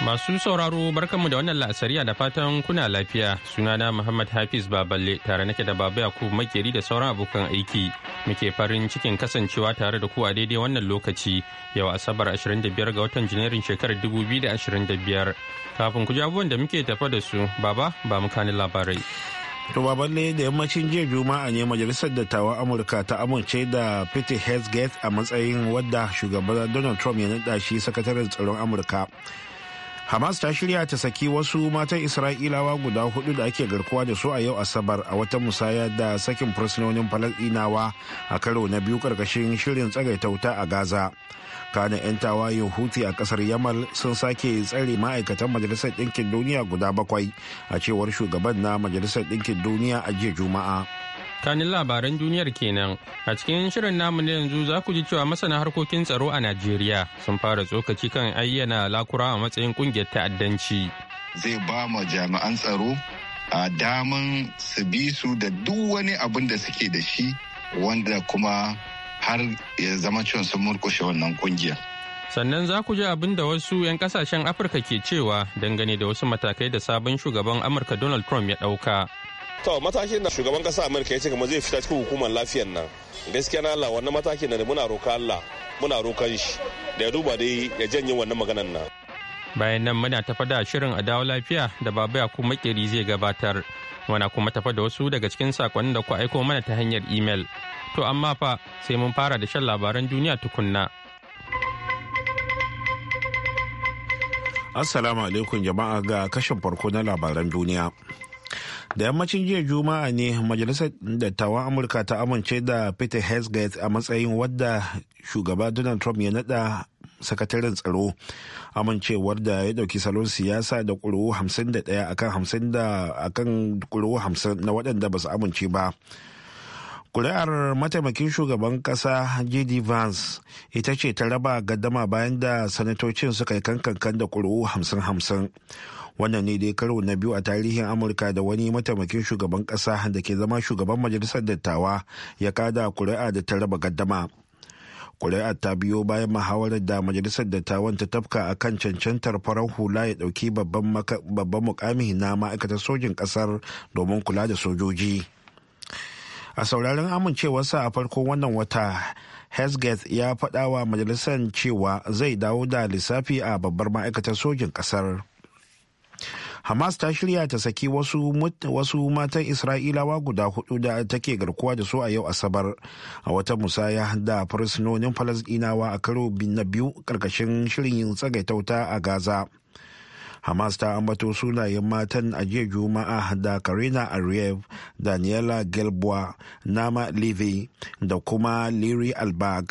Masu sauraro barkanmu da wannan la'asariya da fatan kuna lafiya sunana Muhammad Hafiz Baballe tare nake da Baba Yakubu Makeri da sauran abokan aiki muke farin cikin kasancewa tare da ku a daidai wannan lokaci yau Asabar 25 ga watan Janairun shekarar 2025 kafin ku ji da muke tafa da su Baba ba mu kani labarai. To Baballe da yammacin jiya Juma'a ne majalisar dattawan Amurka ta amince da Pete Hegseth a matsayin wadda shugaban Donald Trump ya naɗa shi sakataren tsaron Amurka. Hamas ta shirya ta saki wasu matan Isra'ilawa guda hudu da ake garkuwa da su a yau Asabar a wata musaya da sakin fursunonin Falasɗinawa a karo na biyu karkashin shirin tsagaita tauta a Gaza. Kana 'yan tawayen Houthi a kasar Yamal sun sake tsare ma'aikatan Majalisar Ɗinkin Duniya guda bakwai a cewar shugaban na Majalisar Ɗinkin Duniya a jiya Juma'a. kanin labaran duniyar kenan a cikin shirin namu na yanzu za ku ji cewa masana harkokin tsaro a najeriya sun fara tsokaci kan ayyana lakura a matsayin kungiyar ta'addanci zai ba ma jami'an tsaro a daman su bi su da duk wani abin da suke da shi wanda kuma har ya zama cewa sun murkushe wannan kungiyar sannan za ku ji abin da wasu 'yan kasashen afirka ke cewa dangane da wasu matakai da sabon shugaban amurka donald trump ya ɗauka to matakin da shugaban kasa amurka ya ce kamar zai fita cikin hukumar lafiyan nan gaskiya na allah wannan matakin da muna roka allah muna rokan shi da ya duba dai ya janye wannan maganan nan bayan nan muna tafa da shirin a dawo lafiya da babu ya kuma makeri zai gabatar muna kuma tafa da wasu daga cikin sakonnin da ku aiko mana ta hanyar imel to amma fa sai mun fara da shan labaran duniya tukunna assalamu alaikum jama'a ga kashin farko na labaran duniya da yammacin jiya juma'a ne majalisar dattawan amurka ta amince da peter hesgate a matsayin wadda shugaba donald trump ya nada sakataren tsaro amincewar da ya dauki salon siyasa da kuri'u 51 akan 50 akan kuri'u 50 na waɗanda ba su amince ba kuri'ar mataimakin shugaban kasa jd vance ita ce ta raba gaddama bayan da sanatocin suka yi kankan da kuri'u 50-50 wannan ne dai karo na biyu a tarihin amurka da wani mataimakin shugaban kasa da ke zama shugaban majalisar dattawa ya kada kuri'a da ta raba gaddama kuri'a ta biyo bayan muhawarar da majalisar dattawan ta tafka a kan cancantar farar hula ya ɗauki babban mukami na ma'aikatar sojin kasar domin kula da sojoji a sauraron amincewarsa a farkon wannan wata Hesgeth ya faɗa majalisar cewa zai dawo da lissafi a babbar ma'aikatar sojin ƙasar. hamas ta shirya ta saki wasu, wasu matan isra'ilawa guda hudu da take garkuwa da su a yau asabar a wata musaya da fursunonin falasdinawa a karo na biyu karkashin shirin yin tsagaitauta a gaza hamas ta ambato sunayen matan a jiya juma'a da karina ariev daniela gelboa nama levy da kuma liri albag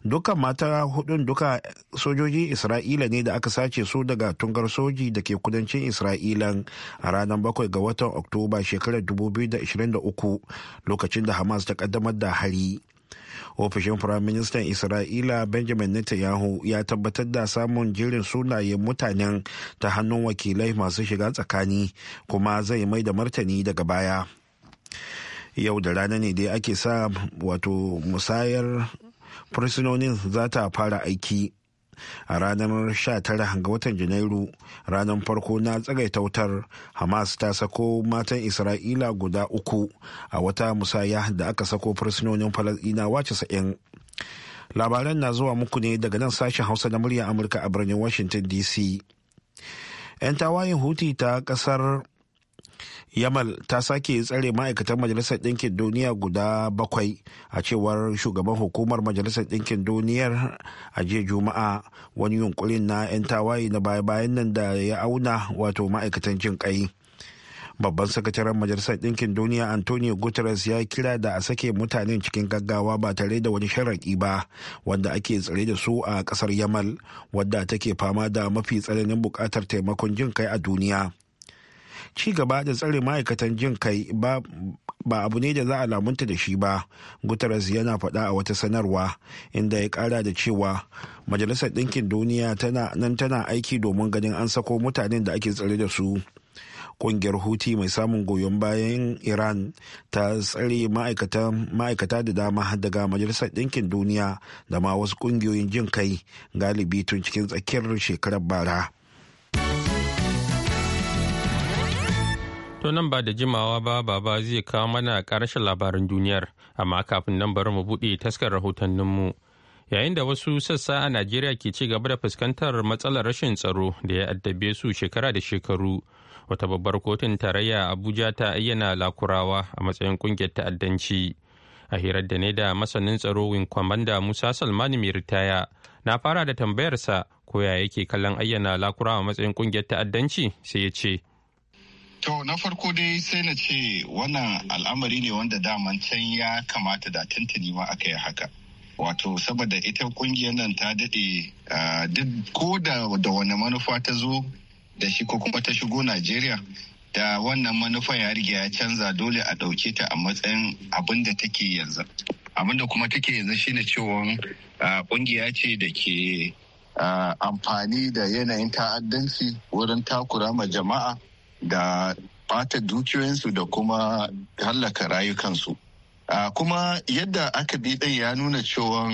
dukkan mata hudun duka sojoji isra'ila ne da aka sace su daga tungar soji da ke kudancin isra'ila a ranar bakwai ga watan oktoba shekarar 2023 lokacin da hamas ta kaddamar da hari ofishin firaministan isra'ila benjamin netanyahu ya tabbatar da samun jirin sunaye mutanen ta hannun wakilai masu shiga tsakani kuma zai mai da martani daga baya yau da rana ne dai ake sa wato musayar fursunonin za ta fara aiki a ranar 19 ga watan janairu ranar farko na wutar hamas ta sako matan isra'ila guda uku a wata musaya da aka sako fursunonin falasɗinawa 90 labaran na zuwa muku ne daga nan sashen hausa na muryar amurka a birnin washington dc 'yan tawayin huti ta kasar yamal ta sake tsare ma'aikatan majalisar ɗinkin duniya guda bakwai a cewar shugaban hukumar majalisar ɗinkin duniyar a jiya juma'a wani yunkurin na 'yan tawaye na baya-bayan nan da ya auna wato ma'aikatan jin kai babban sakataren majalisar ɗinkin duniya antonio guterres ya kira da a sake mutanen cikin gaggawa ba tare da wani sharaɗi ba wanda ake tsare da su a ƙasar yamal wadda take fama da mafi tsananin buƙatar taimakon jin kai a duniya ci gaba da tsare ma'aikatan jin kai ba abu ne da za a lamunta da shi ba guterres yana faɗa a wata sanarwa inda ya ƙara da cewa majalisar ɗinkin duniya nan tana aiki domin ganin an sako mutanen da ake tsare da su ƙungiyar huti mai samun goyon bayan iran ta tsare ma'aikata da dama daga majalisar ɗinkin duniya da ma wasu ƙungiyoyin jin kai galibi tun cikin tsakiyar shekarar bara. To nan ba da jimawa ba baba zai kawo mana ƙarashin labarin duniyar, amma kafin nan bari mu buɗe taskar rahotanninmu. Yayin da wasu sassa a Najeriya ke ci gaba da fuskantar matsalar rashin tsaro da ya addabe su shekara da shekaru. Wata babbar kotun tarayya Abuja ta ayyana lakurawa a matsayin ƙungiyar ta'addanci. A hirar da ne da masanin tsaro win kwamanda Musa Salmani mai ritaya, na fara da tambayarsa ko ya yake kallon ayyana lakurawa a matsayin ƙungiyar ta'addanci sai ya ce. To na farko dai sai na ce wannan al'amari ne wanda daman can ya kamata da tuntuni ma aka yi haka. Wato saboda ita kungiyar nan ta daɗe ko da da wani manufa ta zo da shi ko kuma ta shigo Najeriya da wannan manufa ya riga ya canza dole a ɗauke ta a matsayin abin da take yanzu. Abin da kuma take yanzu shi ne cewa kungiya ce da ke amfani da yanayin ta'addanci wurin takura ma jama'a. da bata dukiyoyinsu da kuma hallaka rayukansu kuma yadda aka bi ɗin ya nuna cewa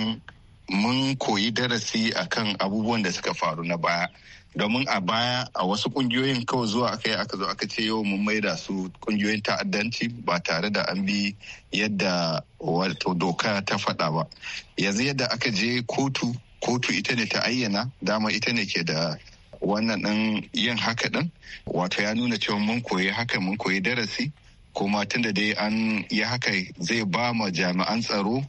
mun koyi darasi a kan abubuwan da suka faru na baya domin a baya a wasu ƙungiyoyin kawai zuwa aka yi aka zo aka ce yau mun maida su ƙungiyoyin ta'addanci ba tare da an bi yadda wato doka ta faɗa ba yanzu yadda aka je kotu kotu ita ne ta ayyana dama ita ne ke da wannan ɗin yin haka ɗin wato ya nuna cewa mun koyi haka mun koyi darasi kuma da dai an yi haka zai ba ma jami'an tsaro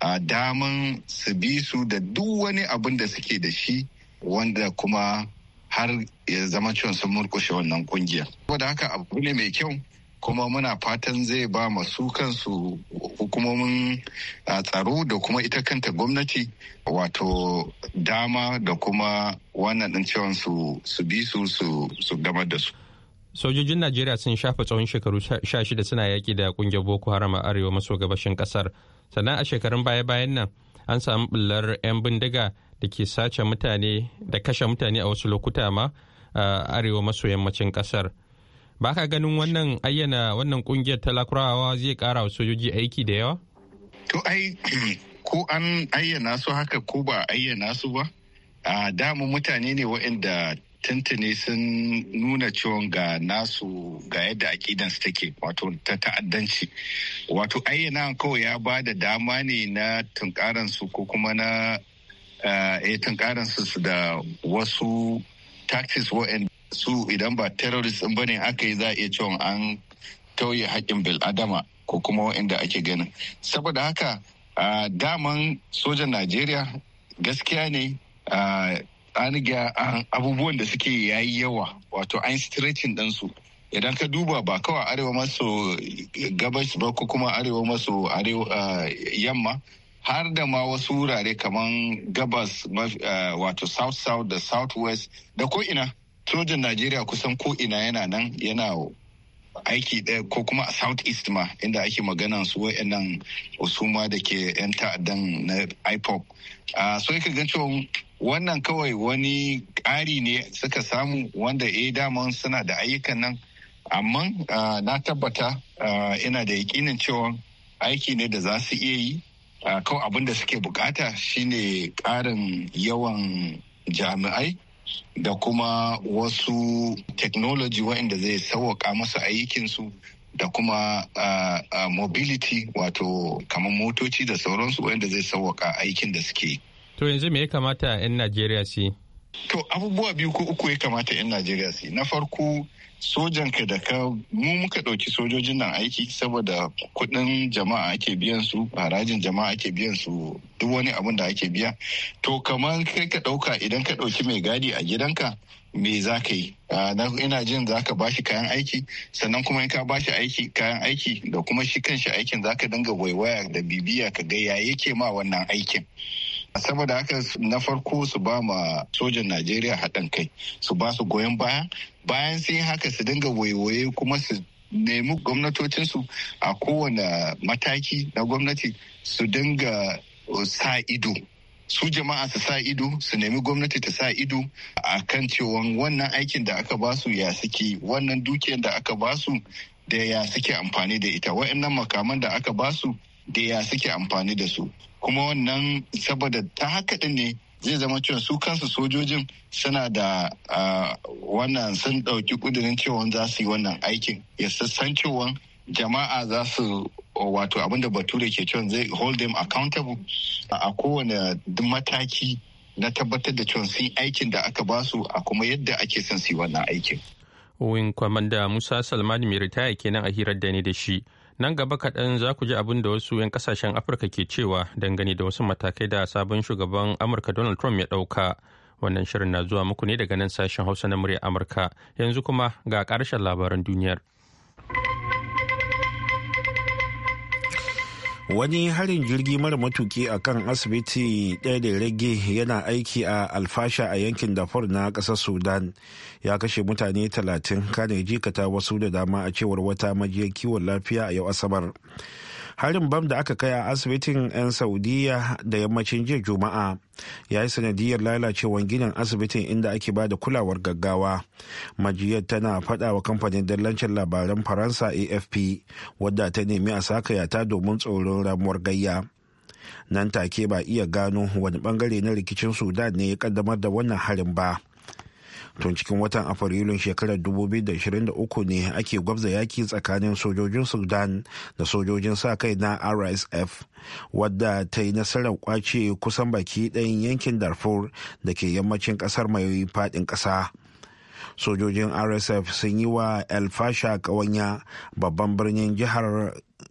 a daman su bi su da duk wani abin da suke da shi wanda kuma har ya zama cewa sun murkushe wannan kungiya. Saboda haka abu ne mai kyau kuma muna fatan zai ba masu kansu hukumomin ah, tsaro da kuma ita kanta gwamnati wato dama da kuma wannan ɗin cewa su bi su su gamar da su. sojojin najeriya sun shafa tsawon shekaru sha shida suna yaƙi da ƙungiyar boko haram a arewa maso gabashin ƙasar sannan a shekarun baya-bayan nan an samu bullar 'yan bindiga da ke sace mutane da kashe mutane a wasu lokuta ma ah, arewa maso yammacin ƙasar ba ka ganin wannan ayyana wannan kungiyar talakurawa zai kara wa sojoji aiki da yawa? To ai ko an ayyana su haka ko ba ayyana su ba? A damu mutane ne waɗanda tuntuni sun nuna ciwon ga nasu ga yadda aƙidansu take wato ta ta'addanci wato ayyana kawai ya ba da dama ne na su ko kuma na eh, su da wasu taxis wa'inda su idan ba terrorist ba ne aka yi za a iya cewa an tauye haƙƙin bil'adama ko kuma waɗanda ake ganin saboda haka daman sojan najeriya gaskiya ne an abubuwan da suke yayi yawa wato an stretching ɗansu idan ka duba ba kawai arewa maso gabas ba ko kuma arewa maso yamma har da ma wasu wurare kamar gabas wato south south da south west da ko ina sojan najeriya kusan ko ina yana nan yana aiki ɗaya ko kuma a south east ma inda ake maganan su wa'annan usuma da ke 'yan ta'addan na ipop so ka gan cewa wannan kawai wani ƙari ne suka samu wanda eh daman suna da ayyukan nan amma na tabbata ina da yakinin cewa aiki ne da za su iya yi kawai abin da suke bukata shine ƙarin yawan jami'ai da kuma wasu technology waɗanda zai sauwaƙa masu aikinsu da kuma uh, mobility wato kamar motoci da sauransu waɗanda zai sauwaƙa aikin da suke. To yanzu me ya kamata 'yan Najeriya su To abubuwa biyu ko uku ya kamata 'yan Najeriya su Na farko sojan ka da ka mu muka ɗauki sojojin nan aiki saboda kuɗin jama'a ake biyan su harajin jama'a ake biyan su duk wani abin da ake biya to kamar kai ka ɗauka idan ka ɗauki mai gadi a gidanka me za ka yi ina jin za ka bashi kayan aiki sannan kuma in ka bashi aiki kayan aiki da kuma shi kanshi aikin za ka dinga waiwaya da bibiya ka ga ya yake ma wannan aikin saboda haka na farko su ba ma sojan najeriya haɗin kai su ba su goyon baya bayan sai haka su dinga waiwaye kuma su nemi gwamnatocinsu a kowane mataki na gwamnati su dinga uh, sa ido su jama'a su sa ido su nemi gwamnati ta sa ido a kan cewa wannan aikin da aka basu ya suke wannan dukiyar da aka basu da ya suke amfani da ita wa'annan makaman da aka basu da ya suke amfani da su kuma wannan saboda ta haka din ne zai zama cewa su kansu sojojin suna da wannan sun ɗauki ƙudurin cewa za su yi wannan aikin ya sassan cewa jama'a za su wato abinda bature ke cewa zai hold them accountable a kowane mataki na tabbatar da cewa sun aikin da aka basu a kuma yadda ake son su yi wannan aikin. Wing Kwamanda Musa Salman mai ritaya kenan a hirar da ni da shi. nan gaba kaɗan za ku ji abin da wasu 'yan kasashen afirka ke cewa dangane da wasu matakai da sabon shugaban amurka donald trump ya ɗauka wannan shirin na zuwa muku ne daga nan sashen hausa na murya amurka yanzu kuma ga ƙarshen labaran duniyar wani harin jirgi mara matuki a kan asibiti ɗaya da rage yana aiki a alfasha a yankin dafor na ƙasar sudan ya kashe mutane 30 kane jikata wasu da dama a cewar wata majiya kiwon lafiya a yau asabar harin bam da aka kai a asibitin 'yan saudiya da yammacin jiya juma'a ya yi sanadiyar lalacewar ginin asibitin inda ake ba da kulawar gaggawa majiyar tana fada wa kamfanin dallancin labaran faransa afp wadda ta nemi a sakayata domin tsoron ramuwar gayya nan take ba iya gano wani bangare na rikicin sudan ne ya kaddamar da wannan harin ba tun cikin watan afrilun shekarar 2023 ne ake gwabza yaki tsakanin sojojin sudan da sojojin sa kai na rsf wadda ta yi nasarar kwace kusan baki ɗayan yankin darfur da ke yammacin ƙasar mai faɗin ƙasa sojojin rsf sun yi wa el fasha ƙawanya babban birnin jihar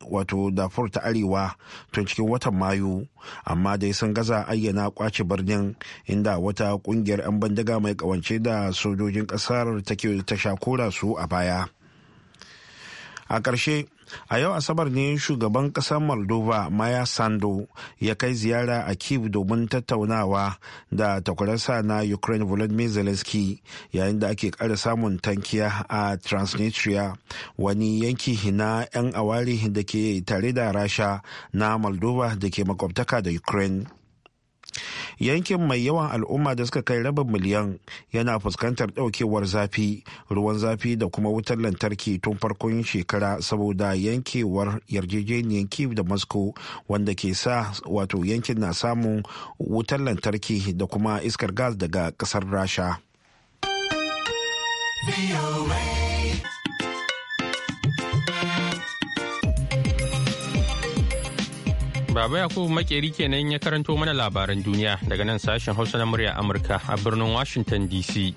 wato dafur ta arewa tun cikin watan mayu amma dai sun gaza ayyana kwace birnin inda wata kungiyar 'yan bandaga mai kawance da sojojin kasar ta shakura su a baya a ƙarshe a yau asabar ne shugaban ƙasar moldova maya sando ya kai ziyara a kyiv domin tattaunawa da takwararsa na ukraine volodymyr zelensky yayin da ake ƙara samun tankiya a transnistria wani yanki na 'yan awari da ke tare da rasha na moldova da ke makwabtaka da ukraine yankin mai yawan al'umma da suka kai rabin miliyan yana fuskantar daukewar zafi ruwan zafi da kuma wutar lantarki tun farkon shekara saboda yankewar yarjejeniyar kiv da moscow wanda ke sa wato yankin na samun wutar lantarki da kuma iskar gas daga kasar rasha Baba Yakubu Makeri kenan ya karanto mana labaran duniya daga nan sashen Hausa na murya Amurka a birnin Washington DC.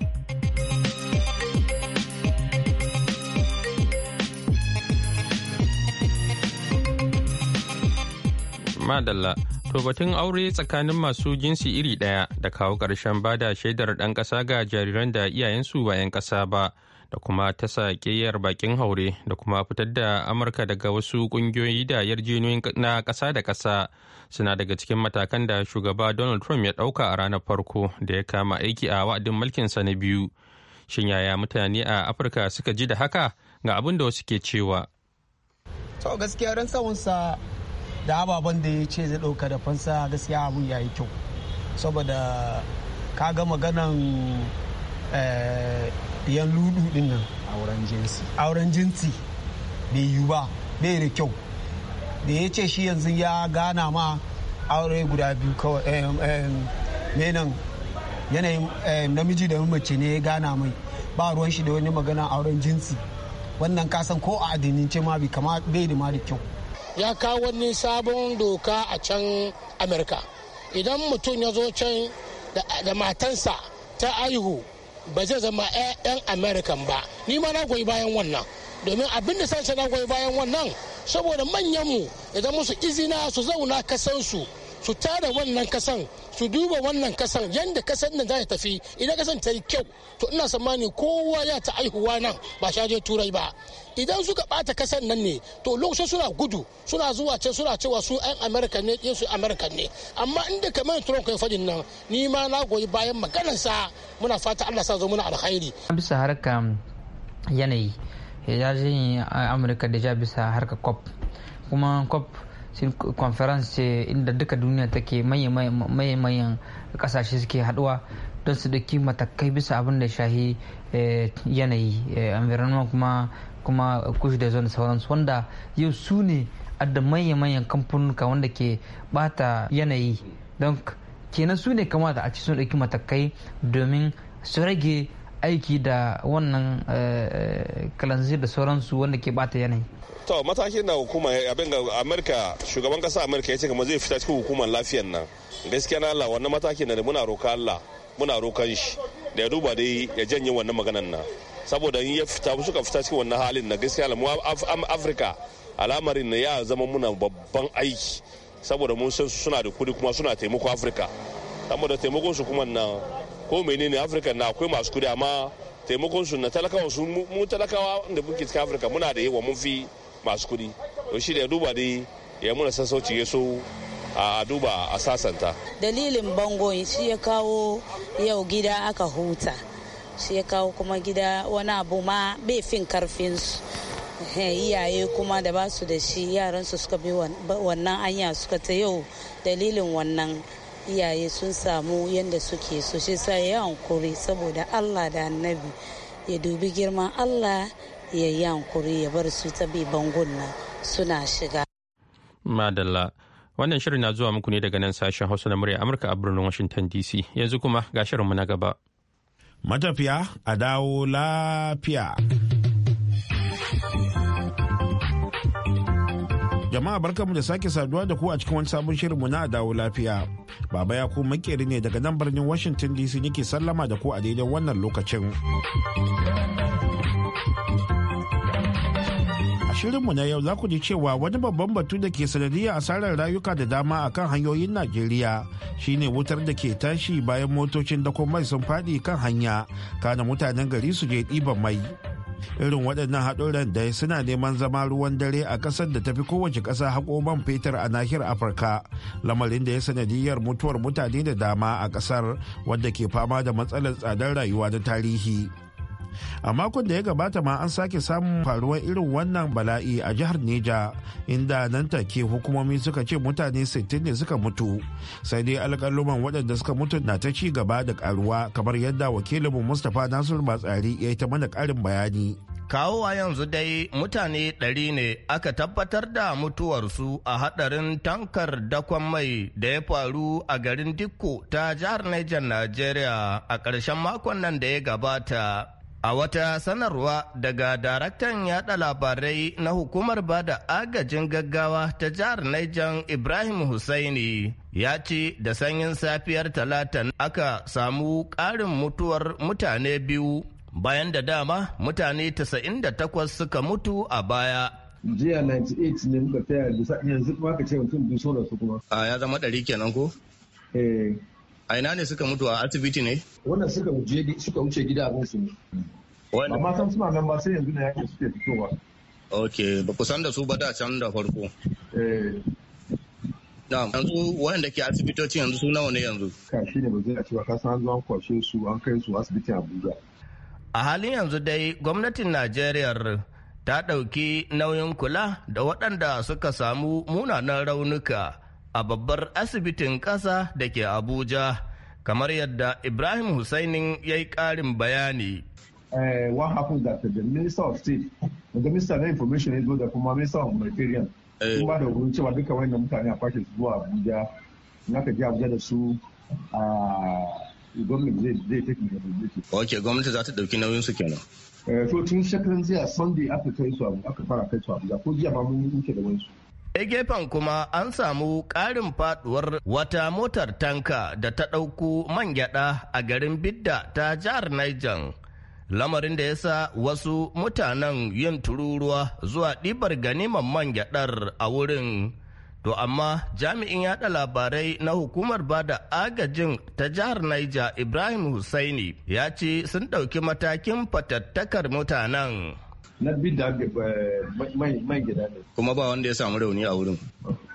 Madalla, to batun aure tsakanin masu jinsi iri ɗaya da kawo ƙarshen bada shaidar ɗan ƙasa ga jariran da iyayensu ba 'yan ƙasa ba. da kuma ta saƙiyar bakin haure da kuma fitar da amurka daga wasu ƙungiyoyi da yarjejeniyoyin na ƙasa da ƙasa suna daga cikin matakan da shugaba donald trump ya ɗauka a ranar farko da ya kama aiki a wa'adin mulkinsa na biyu shin yaya mutane a afirka suka ji da haka ga abin da wasu ke cewa to gaskiya ran sa da ababen da ya ce zai ɗauka da fansa gaskiya abun ya yi kyau saboda ka ga maganan eh, yan ludu din nan auren jinsi auren bai yiwu ba bai da kyau da ya ce shi yanzu ya gana ma aure guda biyu kawai eh, eh, menan yanayin eh, namiji da mace ne ya gana mai ba ruwan shi da wani magana auren jinsi wannan kasan ko a addinince ma bai kama bai da ma da kyau ya kawo wani sabon doka a can amurka idan mutum ya zo can da matansa ta aihu ba zai zama 'yan american ba ni ma na goyi bayan wannan domin abin da sace na goyi bayan wannan saboda manyanmu idan musu izina su zauna kasansu su tara wannan kasan su duba wannan kasan yadda kasar nan za ta tafi idan kasar ta yi kyau to ina tsammani kowa ya ta aihuwa nan ba sha je turai ba idan suka bata kasar nan ne to lokacin suna gudu suna zuwa can suna cewa su yan amerika ne yin su amerika ne amma inda kamar trump kai fadin nan ni ma na goyi bayan maganarsa muna fata allah sa zo muna alkhairi bisa harkan um, yanayi ya yi uh, amurka da ja bisa harkar cop kuma cop conference inda duka duniya take manyan kasashe suke haduwa don su daki matakai bisa abin da shahi eh, yanayi eh, environment kuma kuma kush da zone sauransu wanda yau su ne adda manya-manyan kamfanuka wanda ke bata yanayi don kenan su ne kamata a ci sun matakai domin su rage aiki da wannan eh, eh, kalanzir da sauransu wanda ke bata yanayi to matakin da hukuma abin ga amurka shugaban kasa amurka ya ce kamar zai fita cikin hukumar lafiyar nan gaskiya na allah wannan matakin da muna roka allah muna rokan shi da ya duba dai ya janye wannan maganan nan saboda in ya fita suka fita cikin wannan halin na gaskiya mu afirka al'amarin na ya zama muna babban aiki saboda mun san suna da kudi kuma suna taimako afirka saboda taimakon su kuma nan ko menene afirka na akwai masu kudi amma taimakon su na talakawa su mu talakawa da muke cikin afirka muna da yawa mun fi masu kudi to shi da duba dai ya muna sassauci ya so a duba a sasanta dalilin bangon shi ya kawo yau gida aka huta shi ya kawo kuma gida wani abu ma bai fin karfin su iyaye kuma da basu da shi yaran su suka bi wannan anya suka ta yau dalilin wannan iyaye sun samu yadda suke so shi sa ya hankuri saboda allah da annabi ya dubi girman allah ya yi hankuri ya bar su ta bangon nan suna shiga madalla wannan shirin na zuwa muku ne daga nan sashen hausa na murya amurka a birnin washington dc yanzu kuma ga shirinmu na gaba matafiya a dawo lafiya Jama'a barkanmu da sake saduwa da ku a cikin wani sabon shirin mu na dawo lafiya. Baba ya ku makeri ne daga nan birnin Washington DC nake sallama da ku a daidai wannan lokacin. A shirinmu na yau za ku ji cewa wani babban batu da ke sanadiyya asarar rayuka da dama a kan hanyoyin Najeriya shine wutar da ke tashi bayan motocin da mai sun faɗi kan hanya kana mutanen gari su je ɗiban mai. irin waɗannan haɗurran da suna neman zama ruwan dare a ƙasar da tafi kowace ƙasa haƙo man fetur a nahiyar afirka lamarin da ya sanadiyar mutuwar mutane da dama a ƙasar wadda ke fama da matsalar tsadar rayuwa na tarihi a makon da ya gabata ma an sake samun faruwar irin wannan bala'i a jihar neja inda nan take hukumomi suka ce mutane 60 ne suka mutu sai dai alƙaluman waɗanda suka mutu na ta ci gaba da karuwa kamar yadda wakilinmu mustapha nasir batsari ya yi ta mana ƙarin bayani kawowa yanzu dai mutane ɗari ne aka tabbatar da mutuwarsu a haɗarin tankar dakon mai da ya faru a garin dikko ta jihar Niger Najeriya a ƙarshen makon nan da ya gabata A wata sanarwa daga daraktan yada labarai na hukumar bada agajin gaggawa ta jihar Niger Ibrahim Husaini ya ce da sanyin safiyar talata aka samu ƙarin mutuwar mutane biyu bayan da dama mutane 98 suka mutu a baya. jiya 98 ne muka taya yanzu kuma aka ce mutum biyu so da su kuma. A ya zama ɗari kenan ko? Eh. a ina ne suka mutu a asibiti ne wannan suka wuce suka wuce gida abin su ne amma san suna nan ba sai yanzu ne yake suke fitowa ok ba ku san da su ba da can da farko eh yanzu wanda ke asibitoci yanzu su nawa ne yanzu ka shi ne ba zai a cewa ka san an kwashe su an kai su asibiti Abuja a halin yanzu dai gwamnatin Najeriya ta ɗauki nauyin kula da waɗanda suka samu munanan raunuka a babbar asibitin ƙasa da ke Abuja, kamar yadda Ibrahim Husainin ya yi ƙarin bayani. Uh, what happened that the of State, the na Information ya zo da kuma Minister of Humanitarian, eh. sun ba da wurin cewa duka wannan mutane a fashe zuwa Abuja, na ka je Abuja da su a gwamnati zai tafi. da Ok, gwamnati za ta ɗauki nauyinsu kenan. Eh, to tun shekaran jiya sunday aka kai su aka fara kai su abuja ko jiya ma mun wuce da wani su. E gefen kuma an samu ƙarin faduwar wata motar tanka da ta ɗauko man gyaɗa a garin Bidda ta jihar Niger. Lamarin da ya sa wasu mutanen yin tururuwa zuwa ɗibar ganiman man gyaɗar a wurin. To amma jami'in yada labarai na hukumar bada agajin ta jihar Niger Ibrahim Hussaini ya ce sun ɗauki matakin fatattakar mutanen. na bin da eh, mai gida ne. Kuma ba wanda ya samu rauni a wurin.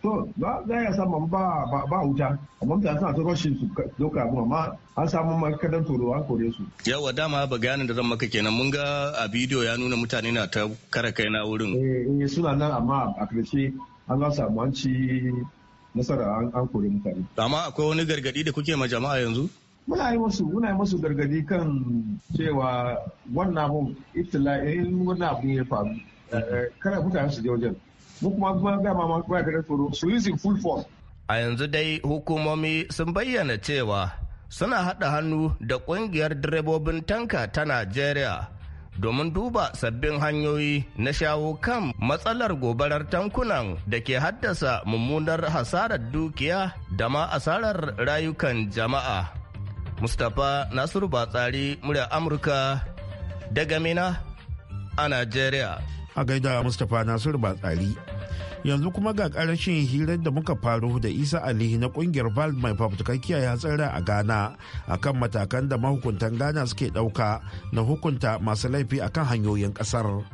To ba za ya samu ba ba wuta amma mutane suna ta rashin su doka mu amma an samu makadan toro an kore su. Yawa dama bayanin da zan maka kenan mun ga a bidiyo ya nuna mutane na ta kare kai na wurin. Eh, eh suna nan amma a karshe an ga samu an ci nasara an kore mutane. Amma akwai wani gargadi da kuke ma jama'a yanzu? muna yi musu muna yi musu gargadi kan cewa wannan abun ibtila'in wannan abu ya faru eh, kada mutane su je wajen mu kuma ba ga ma ba ga tsoro su yi full force a yanzu dai hukumomi sun bayyana cewa suna haɗa hannu da ƙungiyar direbobin tanka ta Najeriya domin duba sabbin hanyoyi na shawo kan matsalar gobarar tankunan da ke haddasa mummunar hasarar dukiya da ma asarar rayukan jama'a. Mustapha Nasiru Batsari murya Amurka daga Mina a Najeriya. A gaida Mustapha Nasiru Batsari. Yanzu kuma ga ƙarashin hirar da muka faru da Isa Ali na kungiyar Val mai fafutukan kiyaye hatsara a Ghana akan matakan da mahukuntan Ghana suke ɗauka na hukunta masu laifi akan hanyoyin ƙasar.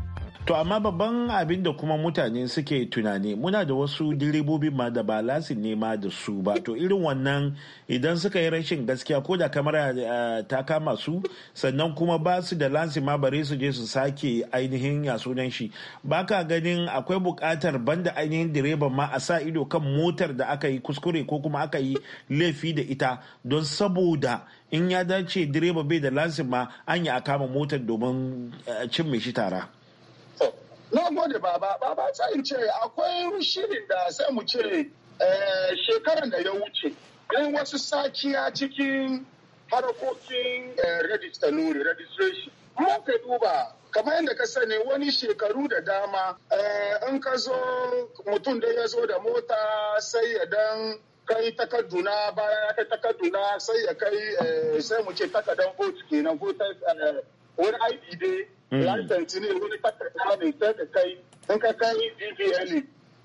To amma babban abin da kuma mutane suke tunani muna da wasu direbobi ma da ba lasin nema da su ba to irin wannan idan suka yi rashin gaskiya ko da kamar eh, ta kama su sannan kuma ba su da lasi ma bare su je su sake ainihin ya sunan shi ba ka ganin akwai bukatar banda ainihin direban ma a sa ido kan motar da aka yi kuskure ko kuma aka yi laifi da ita don saboda in ya dace direba bai da lasi ma an yi a kama motar domin eh, cin mai shi tara. na gode baba baba ta in ce akwai shirin da sai mu ce eh, shekaran da ya wuce Kai wasu sakiya cikin harkokin eh, register nuri registration mun ka duba kamar yadda ka sani wani shekaru da dama eh, in ka zo mutum da ya zo da mota sai ya dan kai takarduna baya ya kai takarduna sai ya kai sai mu ce takardan vote kenan voter wani ID dai Mm. lantarki ne wani kakakawa ne ta ka kai in ka kai bbl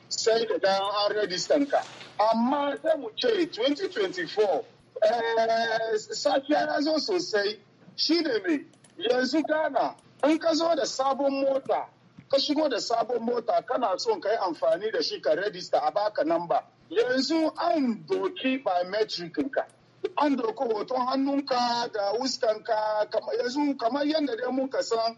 sai da ga an rajistan ka amma ta mu ce 2024 eh, safiya ya zo sosai shi ne mai yanzu gana in ka zo da sabon mota ka shigo da sabon mota kana son ka yi amfani da shi ka rajista a baka namba yanzu an doki biometric ka an dauki hoton hannunka da wuskanka yanzu kamar yadda dai muka san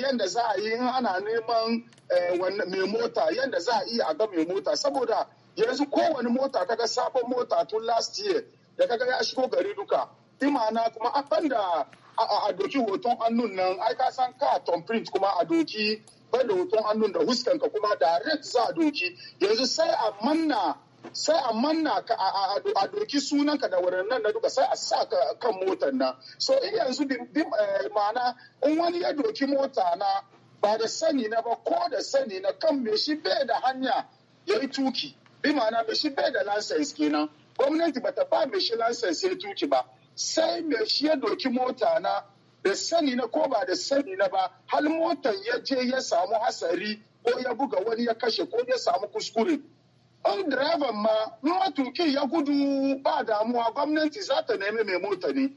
yadda za a yi ana neman eh, mai mota yadda za a yi a ga mai mota saboda yanzu kowane mota kaga sabon mota tun last year da kaga ya shigo gari duka imana kuma abin da a doki hoton hannun nan ai ka san ka tom print kuma a doki banda hoton hannun da huskanka kuma direct za a doki yanzu sai a manna sai a manna ka a doki sunanka da wurin nan na duka sai a sa ka kan motar nan so in yanzu eh, ma'ana in wani ya doki mota na ba da sani na ba ko da sani na kan me shi bai da hanya ya yi tuki bi ma'ana me shi bai da license kenan gwamnati bata ba me shi license ya tuki ba sai me shi ya doki mota na da sani na ko ba da sani na ba hal motar ya je ya samu hasari ko ya buga wani ya kashe ko ya samu kuskure ɗan direban ma in matuki ya gudu ba damuwa gwamnati za ta nemi mai mota ne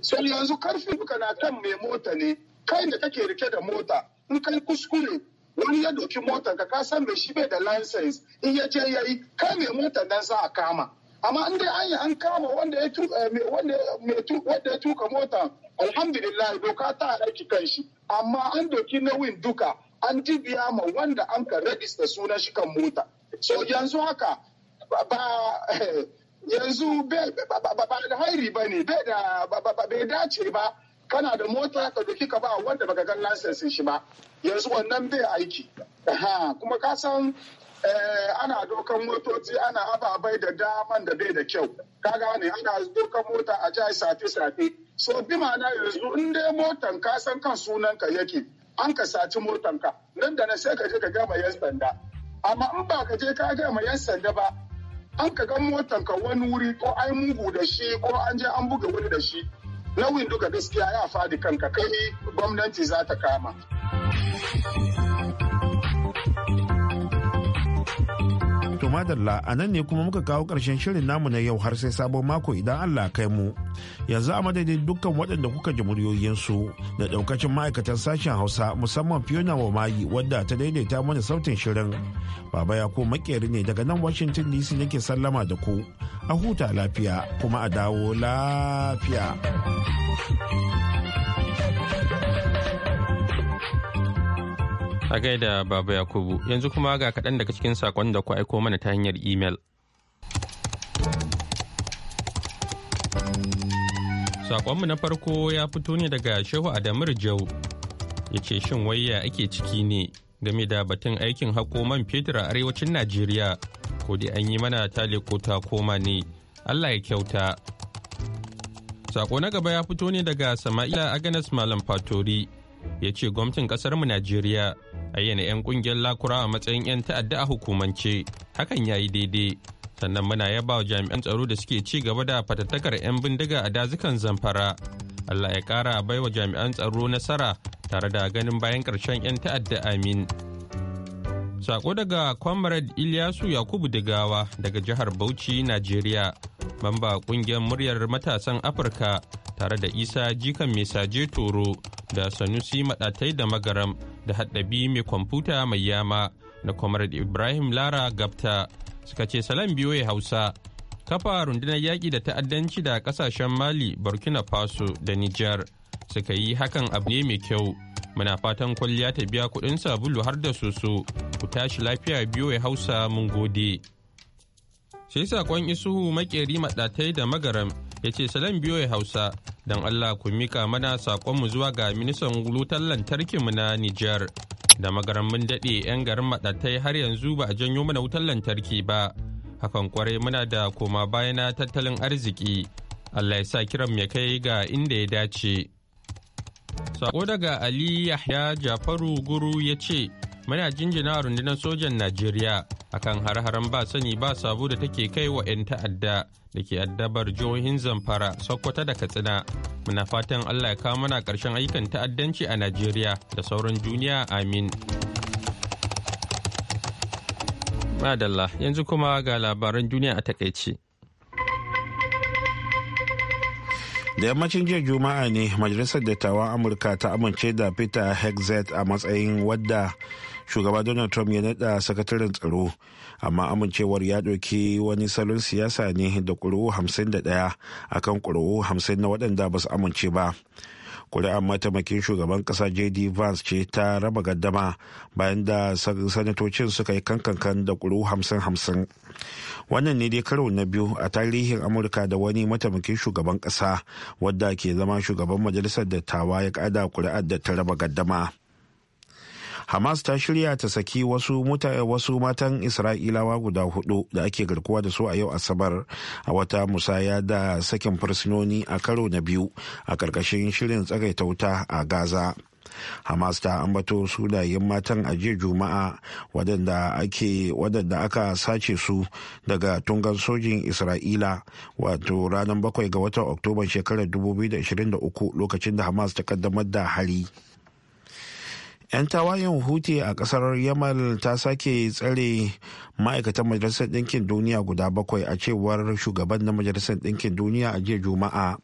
sai yanzu karfi duka na kan mai mota ne kai da kake rike da mota in kai kuskure wani ya doki mota ka kasan mai shi bai da license in ya je yayi kai mai mota nan za a kama amma in dai an yi an kama wanda ya tuka eh, mota alhamdulillah doka ta aiki kan shi amma an doki nauyin duka an jibiya ma wanda an ka rajista sunan shi kan mota so yanzu haka ba eh, yanzu ba da hairi ba ne bai dace ba kana da mota ka duki ka ba wanda baka gan lansensin shi ba yanzu wannan bai aiki kuma ka san eh, ana dokan motoci ana ababai da daman da bai da kyau kaga ne ana dokan mota a jai safe-safe so bi na yanzu in dai motan ka san kan sunanka yake an ka saci motanka nan da na sai ka je ka gama yan sanda amma in ba ka je ka ga mai yan sanda ba an ka ga motan ka wani wuri ko ai mugu da shi ko an je an buga wuri da shi nauyin duka gaskiya ya fadi kanka kai gwamnati za ta kama. madalla a nan ne kuma muka kawo ƙarshen shirin namu na yau har sai sabon mako idan Allah kai mu. Yanzu a madadin dukkan waɗanda kuka ji muryoyinsu da ɗaukacin ma'aikatan sashen Hausa musamman Fiona Wamayi wadda ta daidaita mana sautin shirin. Baba ya ko makeri ne daga nan Washington DC nake sallama da ku. A huta lafiya kuma a dawo lafiya. A gaida Baba Yakubu, yanzu kuma ga kaɗan daga cikin saƙon da ku aiko mana ta hanyar imel. Saƙonmu na farko ya fito ne daga Shehu Adamur Jau, ya ce shin wayya ake ciki ne game da batun aikin haƙo man fetur a arewacin Najeriya, ko dai an yi mana tale ko ta koma ne, Allah ya kyauta. Sako na gaba ya fito ne daga Sama'ila Aganas Malam Fatori, ya ce gwamnatin ƙasarmu Najeriya ayyana 'yan kungiyar lakura a matsayin 'yan ta'adda a hukumance hakan ya yi daidai sannan muna yaba wa jami'an tsaro da suke ci gaba da fatattakar 'yan bindiga a dazukan zamfara allah ya kara baiwa jami'an tsaro nasara tare da ganin bayan karshen 'yan ta'adda amin sako daga comrade ilyasu yakubu digawa daga jihar bauchi nigeria mamba kungiyar muryar matasan afirka tare da isa jikan mesaje toro da sanusi madatai da magaram da haddabi mai kwamfuta mai yama na comrade ibrahim lara gabta suka ce salam biyoyi hausa kafa rundunar yaƙi da ta'addanci da ƙasashen mali burkina faso da nijar suka yi hakan abu ne mai kyau muna fatan kwalliya ta biya kuɗin sabulu har da soso ku tashi lafiya biyoyi hausa mun gode sai saƙon isuhu maƙeri, maɗatai da magaram ya ce salam biyoyi hausa don Allah ku mika mana saƙonmu zuwa ga ministan wutar lantarkinmu na Nijar. Da magaramin mun daɗe 'yan garin maɗatai har yanzu ba a janyo mana wutar lantarki ba. Hakan kwarai muna da koma bayana tattalin arziki. Allah ya sa kiran ya kai ga inda ya dace. Sako daga Ali Yahya Jafaru Guru ya ce, Muna jinjina rundunar sojan Najeriya akan har-haren ba sani ba sabu da take kai wa 'yan ta'adda da ke addabar jihohin Zamfara, Sokoto da Katsina. Muna fatan Allah ya kawo mana ƙarshen ayyukan ta'addanci a Najeriya da sauran duniya amin. Madalla, yanzu kuma ga labaran duniya a takaice. da yammacin jiya juma'a ne majalisar dattawan amurka ta amince da peter hexet a matsayin wadda shugaba donald trump ya nada sakataren tsaro amma amincewar ya ɗauki wani salon siyasa ne da ƙuri'u 51 akan ƙuri'u 50 na waɗanda ba su amince ba kuri'ar mataimakin shugaban kasa jd vance ce ta raba gaddama bayan da sanatocin suka yi kankankan da kuru hamsin hamsin wannan ne dai karo na biyu a tarihin amurka da wani mataimakin shugaban kasa wadda ke zama shugaban majalisar dattawa ya kada kuri'ar da ta raba gaddama hamas ta shirya ta saki wasu mutane wasu matan isra'ilawa guda hudu da ake garkuwa da su a yau asabar a wata musaya da sakin fursunoni a karo na biyu a ƙarƙashin shirin tsagaita wuta a gaza hamas ta ambato sunayen matan a jiya juma'a wadanda ake wadanda aka sace su daga tungan sojin isra'ila wato ranar bakwai ga watan oktoba shekarar 2023 lokacin da hamas ta kaddamar da hari 'yan tawayen huti a kasar yamal ta sake tsare ma'aikatan majalisar ɗinkin duniya guda bakwai a cewar shugaban na majalisar ɗinkin duniya a jiya juma'a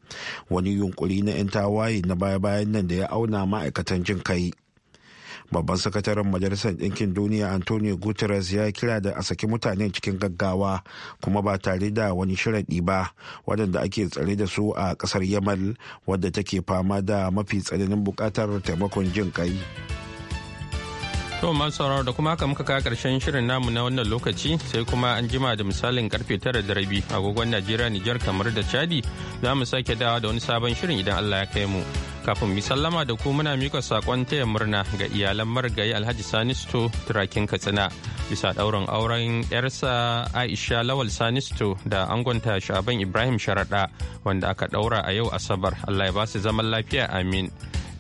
wani yunkuri na 'yan tawaye na baya-bayan nan da ya auna ma'aikatan jin kai babban sakataren majalisar ɗinkin duniya antonio guterres ya kira da a saki mutane cikin gaggawa kuma ba tare da wani sharaɗi ba waɗanda ake tsare da su a ƙasar yamal wadda take fama da mafi tsananin buƙatar taimakon jin kai. To masu sauraro da kuma haka muka kawo karshen shirin namu na wannan lokaci sai kuma an jima da misalin karfe tara da rabi agogon Najeriya Nijar kamar da Chadi za mu sake dawa da wani sabon shirin idan Allah ya kai mu. Kafin mu sallama da ku muna mika sakon taya murna ga iyalan marigayi Alhaji Sanisto Turakin Katsina bisa ɗaurin auren yarsa Aisha Lawal Sanisto da angonta Shaban Ibrahim Sharaɗa wanda aka ɗaura a yau Asabar. Allah ya ba su zaman lafiya amin.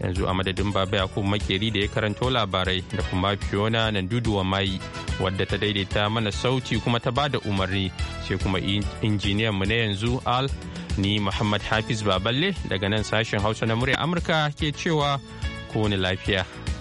yanzu a madadin baba yakub makeri da ya karanto labarai da kuma fiona nan duduwa mai wadda ta daidaita mana sauti kuma ta bada umarni sai kuma injiniyan mu na yanzu al ni muhammad hafiz baballe daga nan sashen hausa na murya amurka ke cewa kowane lafiya